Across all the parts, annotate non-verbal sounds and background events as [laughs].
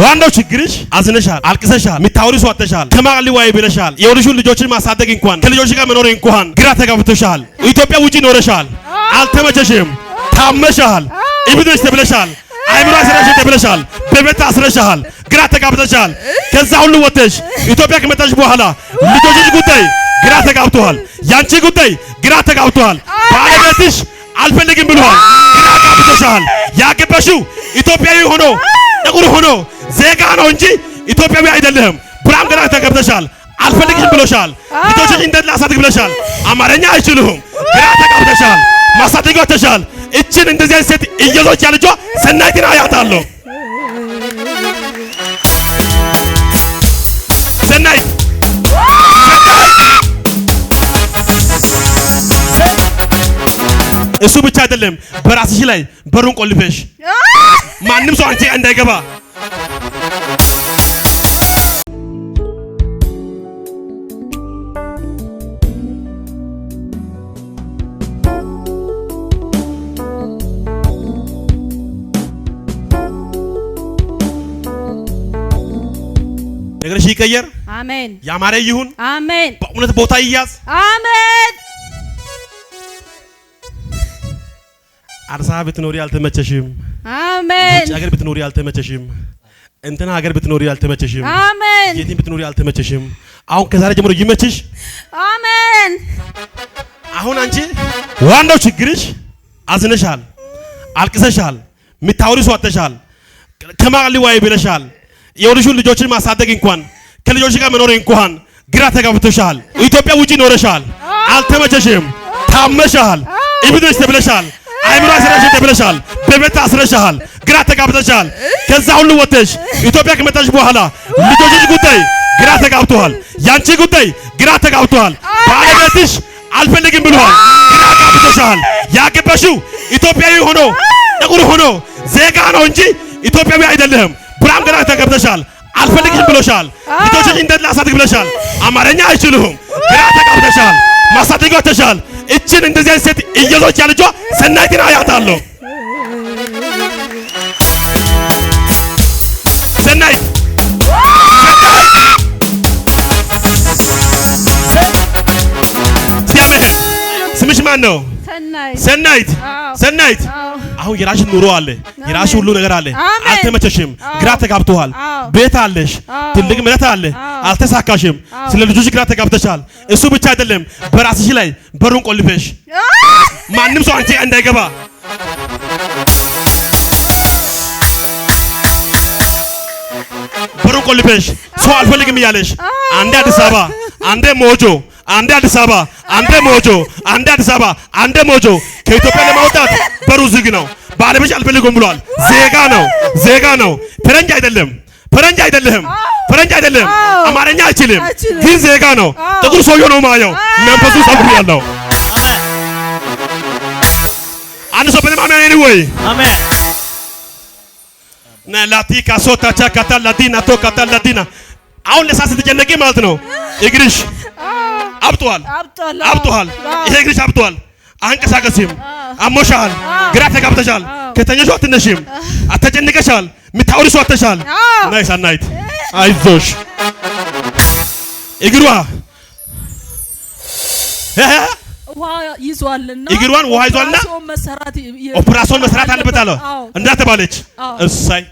ዋናው ችግርሽ አዝነሻል፣ አልቅሰሻል፣ የምታወሪ ሰው አጥተሻል፣ ከማን ሊዋይ ብለሻል። የወልሹን ልጆችን ማሳደግ እንኳን ከልጆች ጋር መኖር እንኳን ግራ ተጋብተሻል። ኢትዮጵያ ውጪ ኖረሻል፣ አልተመቸሽም፣ ታመሻል፣ እብድሽ ተብለሻል፣ አይምሮ አስረሽ ተብለሻል፣ በቤት አስረሻል፣ ግራ ተጋብተሻል። ከዛ ሁሉ ወጥተሽ ኢትዮጵያ ከመጣሽ በኋላ ልጆችሽ ጉዳይ ግራ ተጋብተዋል። ያንቺ ጉዳይ ግራ ተጋብተዋል። ባለቤትሽ አልፈልግም ብለዋል፣ ግራ ተጋብተሻል። ያገባሽው ኢትዮጵያዊ ሆኖ ጥቁር ሆኖ ዜጋ ነው እንጂ ኢትዮጵያዊ አይደለህም። ብርሃም ገና ተገብተሻል። አልፈልግም ብሎሻል። ልጆችን እንዳላሳድግ ብለሻል። አማርኛ አይችልሁም። ግራ ተጋብተሻል። ማሳደግ ተሻል። እችን እንደዚህ ሴት እየዞች ያልጇ ሰናይትን አያታለሁ እሱ ብቻ አይደለም፣ በራስሽ ላይ በሩን ቆልፈሽ ማንም ሰው አንቺ እንዳይገባ ነገርሽ ይቀየር። አሜን። ያማረ ይሁን። አሜን። በእውነት ቦታ ይያዝ። አሜን። አርሳ ብትኖሪ አልተመቸሽም። አሜን። ውጭ ሀገር ብትኖሪ አልተመቸሽም። እንትና ሀገር ብትኖሪ አልተመቸሽም። አሜን። የቲም ብትኖሪ አልተመቸሽም። አሁን ከዛሬ ጀምሮ ይመችሽ። አሜን። አሁን አንቺ ዋናው ችግርሽ አዝነሻል፣ አልቅሰሻል፣ ምታውሪ ሷተሻል፣ ከማን ዋይ ብለሻል። የወልሹን ልጆችን ማሳደግ እንኳን ከልጆች ጋር መኖር እንኳን ግራ ተጋብተሻል። ኢትዮጵያ ውጪ ኖረሻል፣ አልተመቸሽም፣ ታመሻል፣ ኢብድነሽ ተብለሻል። አይምሮ አስረሽ ተብለሻል። በቤት አስረሻል። ግራ ተጋብተሻል። ከዛ ሁሉ ወጥተሽ ኢትዮጵያ ከመጣሽ በኋላ ልጆችሽ ጉዳይ ግራ ተጋብተዋል። ያንቺ ጉዳይ ግራ ተጋብተዋል። ባለቤትሽ አልፈልግም ብለዋል። ግራ ተጋብተሻል። ያገባሽው ኢትዮጵያዊ ሆኖ ጥቁር ሆኖ ዜጋ ነው እንጂ ኢትዮጵያዊ አይደለም። ብራም ግራ ተጋብተሻል። አልፈልግሽም ብሎሻል። ልጆችሽ እንዴት ላሳድግ ብለሻል። አማርኛ አይችልም። ግራ ተጋብተሻል። ማሳደግ ተሻል እችን እንደዚህ አይነት ሴት እየዞች ያለጇ ሰናይትን አያታለሁ። ሰናይት ስምሽ ማን ነው? ሰናይት ሰናይት አሁን የራሽ ኑሮ አለ፣ የራሽ ሁሉ ነገር አለ። አልተመቸሽም፣ ግራ ተጋብተዋል። ቤት አለሽ፣ ትልቅ ምረት አለ አልተሳካሽም። ስለ ልጆች ግራ ተጋብተሻል። እሱ ብቻ አይደለም፣ በራስሽ ላይ በሩን ቆልፈሽ ማንም ሰው አንቺ እንዳይገባ በሩን ቆልፈሽ ሰው አልፈልግም እያለሽ አንዴ አዲስ አበባ፣ አንዴ ሞጆ፣ አንዴ አዲስ አበባ፣ አንዴ ሞጆ፣ አንዴ አዲስ አበባ፣ አንዴ ሞጆ። ከኢትዮጵያ ለማውጣት በሩ ዝግ ነው። ባለቤትሽ አልፈልግም ብሏል። ዜጋ ነው፣ ዜጋ ነው። ፈረንጅ አይደለም፣ ፈረንጅ አይደለም። ፈረንጅ አይደለም፣ አማርኛ አይችልም፣ ግን ዜጋ ነው። ጥቁር ሰውዬ ነው ማየው መንፈሱ ጸጉር ያለው አንድ ሰው በደም አሜን ወይ አሜን ና ላቲካ ሶታቻ ካታላዲና ቶካታላዲና አሁን ለሳስ ስትጨነቂ ማለት ነው እግርሽ አብጧል፣ አብጧል። ይሄ እግርሽ አብጧል። አንቀሳቀስም፣ አሞሻል፣ ግራ ተጋብተሻል፣ ከተኛሽ አትነሽም፣ አተጨንቀሻል፣ ምታወሪሱ አተሻል ናይስ አናይት አይዞሽ እግሯ እግሯን ውሃ ይዟልና ኦፕራሲዮን መስራት አለበት አለ እንዳትባለች። እሳይ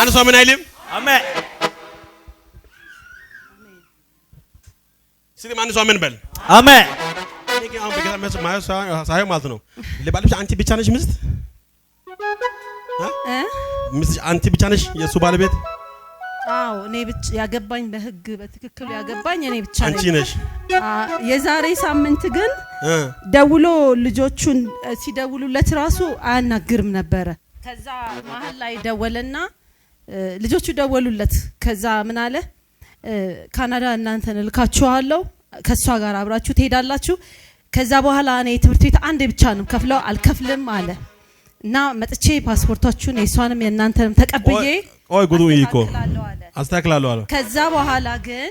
አንድ ሰው ምን አይልም። አሜን። እስቲ ማን ሰው ምን በል አሜን። ማለት ነው ለባለሽ አንቺ ብቻ ነሽ ምስት? ሚስትሽ አንቺ ብቻ ነሽ የእሱ ባለቤት? አዎ እኔ ብቻ ያገባኝ በህግ በትክክል ያገባኝ እኔ ብቻ አንቺ ነሽ። የዛሬ ሳምንት ግን ደውሎ ልጆቹን ሲደውሉለት ራሱ አያናግርም ነበረ። ከዛ መሀል ላይ ደወለና ልጆቹ ደወሉለት። ከዛ ምን አለ ካናዳ እናንተን እልካችኋለሁ፣ ከእሷ ጋር አብራችሁ ትሄዳላችሁ። ከዛ በኋላ እኔ ትምህርት ቤት አንዴ ብቻ ነው ከፍለው አልከፍልም አለ። እና መጥቼ ፓስፖርታችሁን የእሷንም የእናንተንም ተቀብዬ ኦይ ጉዱ ይኮ አስተካክላለሁ አለ። ከዛ በኋላ ግን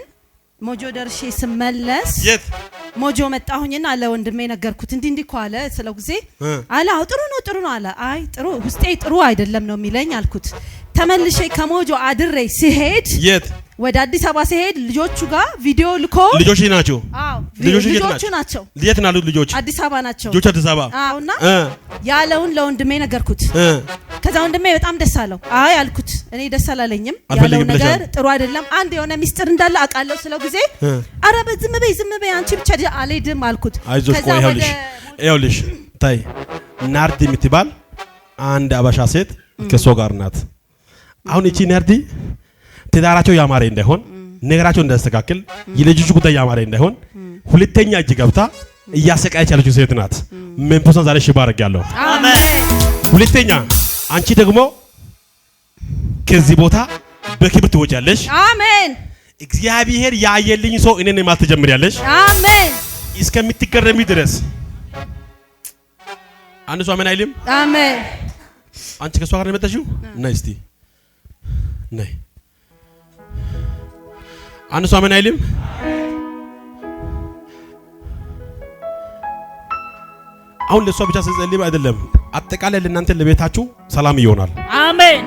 ሞጆ ደርሼ ስመለስ የት ሞጆ መጣሁኝና ለወንድሜ ነገርኩት። እንዲህ እንዲህ እኮ አለ ስለው ጊዜ አለ አዎ ጥሩ ነው ጥሩ ነው አለ። አይ ጥሩ ውስጤ ጥሩ አይደለም ነው የሚለኝ አልኩት። ተመልሼ ከሞጆ አድሬ ሲሄድ የት ወደ አዲስ አበባ ሲሄድ ልጆቹ ጋር ቪዲዮ ልኮ ልጆች ናቸው። አዎ ልጆቹ ናቸው። የት ናሉት? ልጆች? አዲስ አበባ ናቸው። ልጆች አዲስ አበባ። አዎና ያለውን ለወንድሜ ነገርኩት። ከዛ ወንድሜ በጣም ደስ አለው። አይ አልኩት፣ እኔ ደስ አላለኝም ያለው ነገር ጥሩ አይደለም። አንድ የሆነ ሚስጥር እንዳለ አውቃለሁ ስለው ጊዜ አረ ዝም በይ ዝም በይ አንቺ ብቻ አልሄድም አልኩት። አይዞሽ ቆይ ይኸውልሽ ይኸውልሽ ታይ ናርዲ የምትባል አንድ አበሻ ሴት ከእሷ ጋር ናት። አሁን እቺ ናርዲ ትዳራቸው ያማረ እንዳይሆን፣ ነገራቸው እንዳስተካክል፣ የልጆቹ ጉዳይ ያማረ እንዳይሆን ሁለተኛ እጅ ገብታ እያሰቃየች ያለችው ሴት ናት። መንፈሷን ዛሬ ሽባ አድርጌያለሁ። ሁለተኛ አንቺ ደግሞ ከዚህ ቦታ በክብር ትወጫለሽ። አሜን። እግዚአብሔር ያየልኝ ሰው እኔን ማለት ትጀምሪያለሽ። አሜን። እስከምትገረሚ ድረስ አንድ ሰው አሜን አይልም። አሜን። አንቺ ከሷ ጋር ነው የመጣሽው። ነይ እስቲ ነይ አንድ ሰው አሜን አይልም? አሁን ለእሷ ብቻ ስንጸልይ አይደለም፣ አጠቃላይ ለእናንተ ለቤታችሁ ሰላም ይሆናል። አሜን።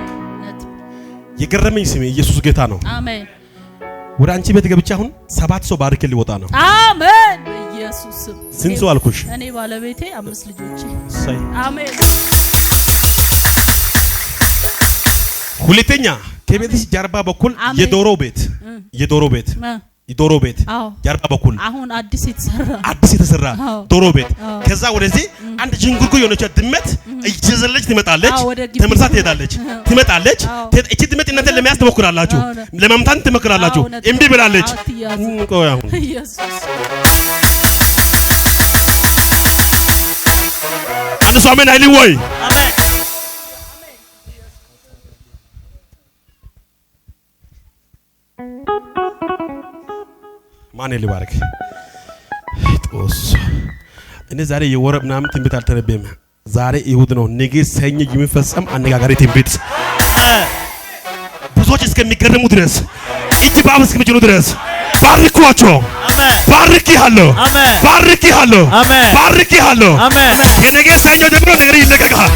የገረመኝ ስሜ ኢየሱስ ጌታ ነው። አሜን። ወደ አንቺ ቤት ገብቼ አሁን ሰባት ሰው ባርክ ሊወጣ ነው። አሜን። ኢየሱስ ስንት ሰው አልኩሽ? እኔ ባለቤቴ፣ አምስት ልጆች። አሜን። ሁለተኛ ከቤትሽ ጀርባ በኩል የዶሮ ቤት የዶሮ ቤት ዶሮ ቤት ያርባ በኩል አሁን አዲስ የተሰራ [laughs] አዲስ የተሰራ ዶሮ ቤት። ከዛ ወደዚህ አንድ ጅንጉርጉር የሆነች ድመት እየዘለች ትመጣለች፣ ተመልሳ ትሄዳለች። ትመጣለች። እቺ ድመት እናንተ ለመያዝ ትሞክራላችሁ፣ ለመምታት ትሞክራላችሁ። እምቢ ብላለች። ቆይ አሁን [laughs] አንድ ሰው አሜን አይልም ወይ? እኔ ልባርክ ጦስ እኔ ዛሬ የወረብ ምናምን ትንቢት አልተነበየም። ዛሬ ይሁድ ነው ነገ ሰኞ የሚፈጸም አነጋጋሪ ትንቢት ብዙዎች እስከሚገርሙ ድረስ እጅ በአፍ እስከሚጭኑ ድረስ ባርኳቸው። ባርክ ያለው ባርክ ያለው ባርክ አሜን። የነገ ሰኞ ደግሞ ነገር ይለቀቃል።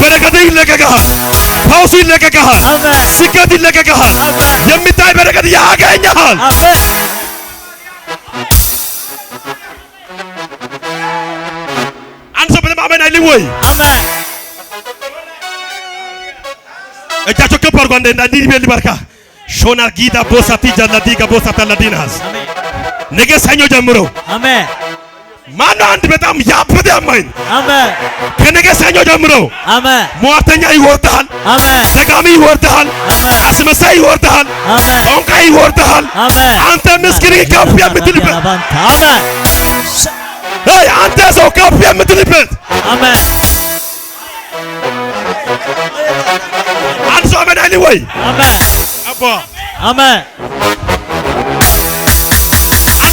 በረከት ይለቀቃል። ፈውስ ይለቀቃል። ስኬት ይለቀቃል። የሚታይ በረከት ያገኛል። አሜን። Answer me, Amen. choke por cuando en Dani bien barca. Shona gida bosa tija na diga bosa taladinas. Nege sanyo Amen. ማነው አንድ በጣም ያበደ አማኝ? አሜን። ከነገ ሰኞ ጀምሮ አሜን። ሟርተኛ ይወርዳል። አሜን። ደጋሚ ይወርዳል። አሜን። አስመሳይ ይወርዳል። አሜን። ጦንቃይ ይወርዳል። አሜን። አንተ ምስኪን ከፍ የምትልበት አሜን። አይ አንተ ሰው ከፍ የምትልበት አሜን። አንድ ሰው አሜን አይልም ወይ? አሜን። አባ አሜን።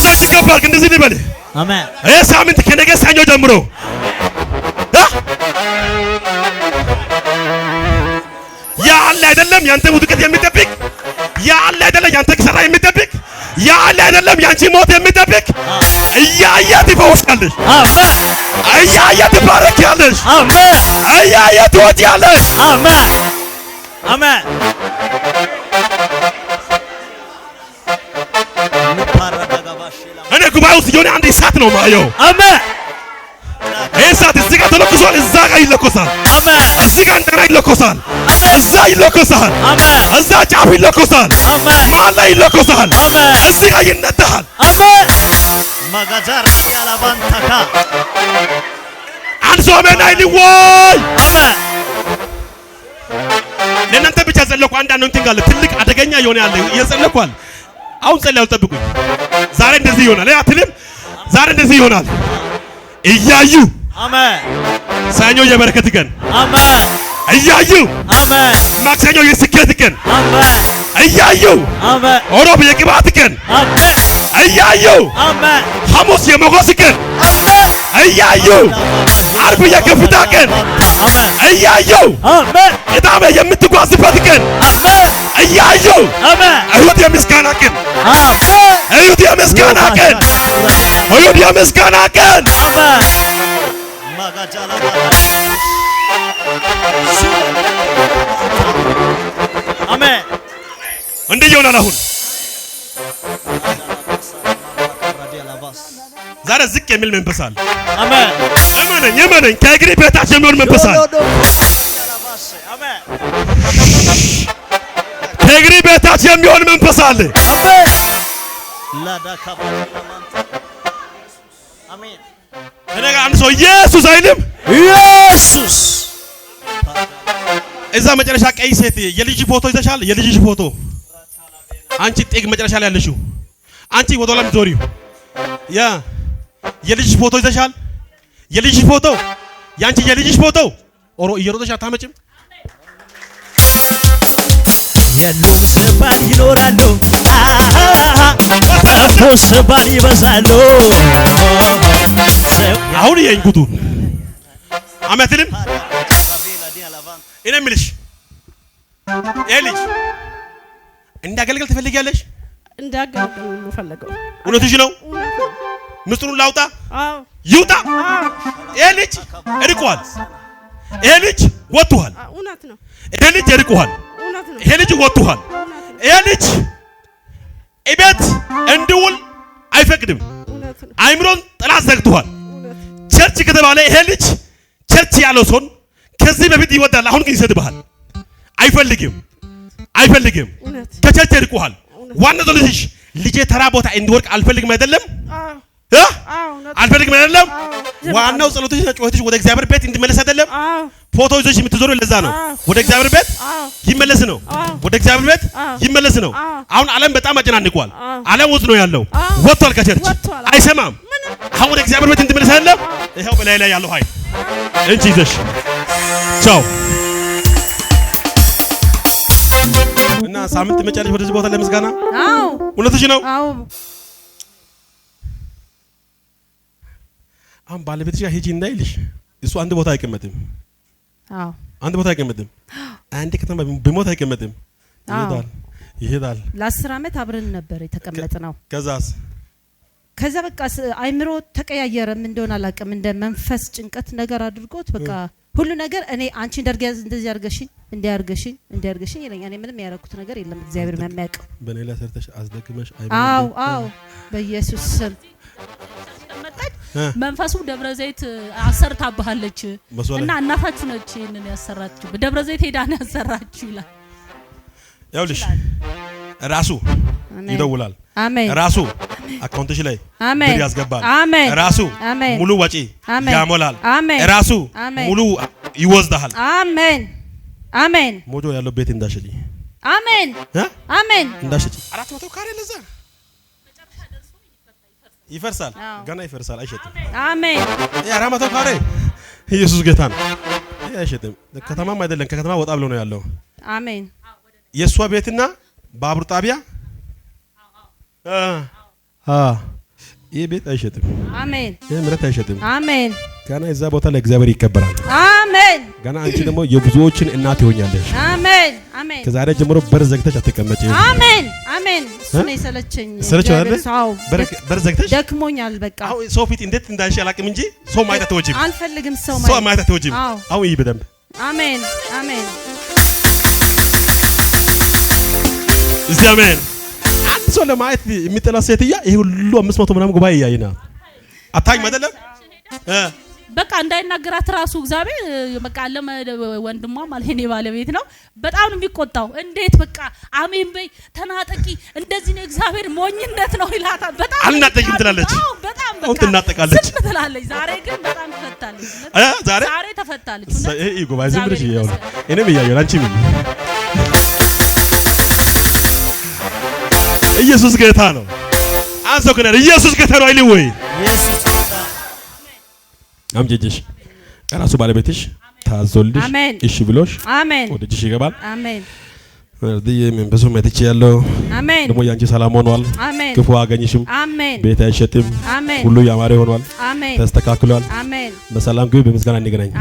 አንተ ይገባል እንደዚህ ሊበልህ አሜን። ይሄ ሳምንት ከነገ ሰኞ ጀምሮ ያለ አይደለም ያንተ ውድቀት የሚጠብቅ ያለ አይደለም ያንተ ኪሳራ የሚጠብቅ ያለ አይደለም ያንቺ ሞት የሚጠብቅ እያየ ትፈወሻለሽ። አሜን። እያየ ትባረኪያለሽ። አሜን። እያየ ትወጪያለሽ። አሜን። አሜን። እሳት ነው ማየው። አሜን። ይህ እሳት እዚህ ጋር ተለኩሷል፣ እዛ ጋር ይለኮሳል። አሜን። እዚህ ጋር እንደገና ይለኮሳል፣ እዛ ይለኮሳል። አሜን። እዛ ጫፍ ይለኮሳል፣ አሜን። መሀል ላይ ይለኮሳል፣ አሜን። እዚህ ጋር ይነዳሃል። አሜን። ማጋዛር ያላባን አንሶ አሜን አይልም ወይ? አሜን። ለእናንተ ብቻ ዘለኩ። አንዳንድ ነው እንትን ትልቅ አደገኛ የሆነ ያለ እየዘለኳል። አሁን ጸልያው ጠብቁኝ። ዛሬ እንደዚህ ይሆናል። ያ ዛሬ እንደዚህ ይሆናል እያዩ አሜን። ሰኞ የበረከት ቀን አሜን። እያዩ አሜን። ማክሰኞ የስኬት ቀን አሜን። እያዩ አሜን። ሮብ የቅባት ቀን አሜን። እያዩ አሜን። ሐሙስ የመጎስ ቀን አሜን። እያዩ አሜን። አርብ የከፍታ ቀን እያየው ቅዳሜ የምትጓዝበት ቀን እያየው እሁድ የምስጋና ቀን እሁድ የምስጋና ቀን እሁድ የምስጋና ቀን አሜን። እንዲህ ይሆናል። አሁን ዛሬ ዝቅ የሚል መንፈስ አለ። አሜን። የማነኝ የማነኝ ከእግሬ በታች የሚሆን መንፈሳል ከእግሬ በታች የሚሆን መንፈሳል እኔ ጋር አንድ ሰው ኢየሱስ አይልም። ኢየሱስ እዛ መጨረሻ ቀይ ሴት የልጅ ፎቶ ይዘሻል። የልጅሽ ፎቶ አንቺ ጥግ መጨረሻ ላይ ያለሽው አንቺ ወደ ኋላ የምትዞሪው ያ የልጅሽ ፎቶ ይዘሻል። የልጅሽ ፎቶ ያንቺ የልጅሽ ፎቶ ኦሮ እየሮጠሽ አታመጭም። የለውስ ባል ይኖራሉ፣ ሞስ ባል ይበዛሉ። አሁን የኝ ጉዱን አመትልም እኔ ምልሽ ይሄ ልጅ እንዳገለግል ትፈልጊያለሽ? እንዳገልግል ነው እውነትሽ ነው። ምስጢሩን ላውጣ ይውጣ። ይሄ ልጅ እርቋል። ይሄ ልጅ ወጥቷል። ይሄ ልጅ እርቋል። ይሄ ልጅ ወጥቷል። ይሄ ልጅ እቤት እንዲውል አይፈቅድም። አይምሮን ጠላት ዘግቷል። ቸርች ከተባለ ይሄ ልጅ ቸርች ያለው ሰውን ከዚህ በፊት ይወዳል። አሁን ግን ይሰድብሃል። አይፈልግም አይፈልግም። ከቸርች እርቁሃል። ዋና ልጅሽ ልጄ ተራ ቦታ እንዲወርቅ አልፈልግም አይደለም አልፈልግም አይደለም። ዋናው ጸሎትሽ ጩኸትሽ ወደ እግዚአብሔር ቤት እንድመለስ አይደለም። ፎቶ ይዞሽ የምትዞሩ ለዛ ነው። ወደ እግዚአብሔር ቤት ይመለስ ነው። ወደ እግዚአብሔር ቤት ይመለስ ነው። አሁን ዓለም በጣም አጨናንቋል። ዓለም ውስጥ ነው ያለው። ወጥቷል፣ ከቸርች አይሰማም። አሁን ወደ እግዚአብሔር ቤት እንድመለስ አይደለም። ይኸው በላይ ላይ ያለው ኃይል እንቺ ይዘሽ ቻው እና ሳምንት መጨረሻ ወደዚህ ቦታ ለምስጋና እውነትሽ ነው። አሁን ባለቤት ጋር ሂጂ እንዳይልሽ እሱ አንድ ቦታ አይቀመጥም። አንድ ቦታ አይቀመጥም። አንድ ከተማ ቢሞት አይቀመጥም። ይሄዳል ይሄዳል። ለአስር አመት አብረን ነበር የተቀመጥ ነው። ከዛስ ከዛ በቃ አይምሮ ተቀያየረ። ምን እንደሆነ አላውቅም። እንደ መንፈስ ጭንቀት ነገር አድርጎት በቃ ሁሉ ነገር እኔ አንቺ እንደርገዝ እንደዚህ አርገሽኝ እንዲህ አርገሽኝ እንዲህ አርገሽኝ ይለኛል። እኔ ምንም ያረኩት ነገር የለም። እግዚአብሔር የሚያውቅ በኔ ላይ ሰርተሽ አስደግመሽ። አዎ አዎ፣ በኢየሱስ ስም መንፈሱ ደብረ ዘይት አሰርታ ባለች እና እናታችሁ ነች ይህንን ያሰራችሁ በደብረ ዘይት ሄዳን ያሰራችሁ ይላል። ያውልሽ ራሱ ይደውላል። አሜን። ራሱ አካውንትሽ ላይ አሜን ያስገባል። አሜን። ራሱ ሙሉ ወጪ ያሞላል። አሜን። ራሱ ሙሉ ይወስዳል። አሜን። አሜን። ሞጆ ያለው ቤት እንዳሸጪ። አሜን። አሜን። እንዳሸጪ አራት መቶ ካሬ ለዛ ይፈርሳል፣ ገና ይፈርሳል፣ አይሸጥም። አሜን። የአራት መቶ ካሬ ኢየሱስ ጌታ ነው። አይሸጥም። ከተማም አይደለም ከከተማ ወጣ ብሎ ነው ያለው። አሜን። የእሷ ቤትና ባቡር ጣቢያ ይህ ቤት አይሸጥም። አሜን። ይህ ምረት አይሸጥም። አሜን። ገና እዛ ቦታ ለእግዚአብሔር ይከበራል። አሜን። ገና አንቺ ደግሞ የብዙዎችን እናት ይሆኛለሽ። አሜን። አሜን። ከዛሬ ጀምሮ በር ዘግተሽ አትቀመጪ። አሜን። አሜን። እሱ ነው የሰለቸኝ። ሰለቸው አይደል? በር ዘግተሽ ደክሞኛል። በቃ አሁን ሰው ፊት እንዴት እንዳልሽ አላውቅም እንጂ ሰው ማየት አትወጂም። አልፈልግም ሰው ማየት ሰው ማየት አትወጂም። አሁን ይህ በደንብ አሜን፣ አሜን፣ እዚህ አሜን። አንድ ሰው ለማየት የሚጠላ ሴትያ ይሄ ሁሉ አምስት መቶ ምናምን ጉባኤ እያየና አታኝ አይደለም በቃ እንዳይናገራት ራሱ እግዚአብሔር በቃ አለም ወንድሟ ማለት የኔ ባለቤት ነው። በጣም ነው የሚቆጣው። እንዴት በቃ አሜን በይ ተናጠቂ፣ እንደዚህ ነው እግዚአብሔር ሞኝነት ነው ይላታል። በጣም አልናጠቂም ትላለች። በጣም በቃ ትናጠቃለች፣ ዝም ትላለች። ዛሬ ግን በጣም ተፈታለች። ዛሬ ዛሬ ተፈታለች። እይ ጉባኤ ዝም ብለሽ ይያው እኔም እያየሁ አንቺ ምን ኢየሱስ ጌታ ነው። አንሶ ኢየሱስ ጌታ ነው አይልም ወይ? ኢየሱስ አምጀጅሽ ራሱ ባለቤትሽ ታዞልሽ እሺ ብሎሽ ወደ ጅሽ ይገባል። እዚህ መንፈሱ መጥቼ ያለው ደግሞ ያንቺ ሰላም ሆኗል። ክፉ አገኝሽም፣ ቤት አይሸጥም፣ ሁሉ ያማረ ሆኗል፣ ተስተካክሏል። በሰላም ግቢ፣ በምስጋና እንገናኝ።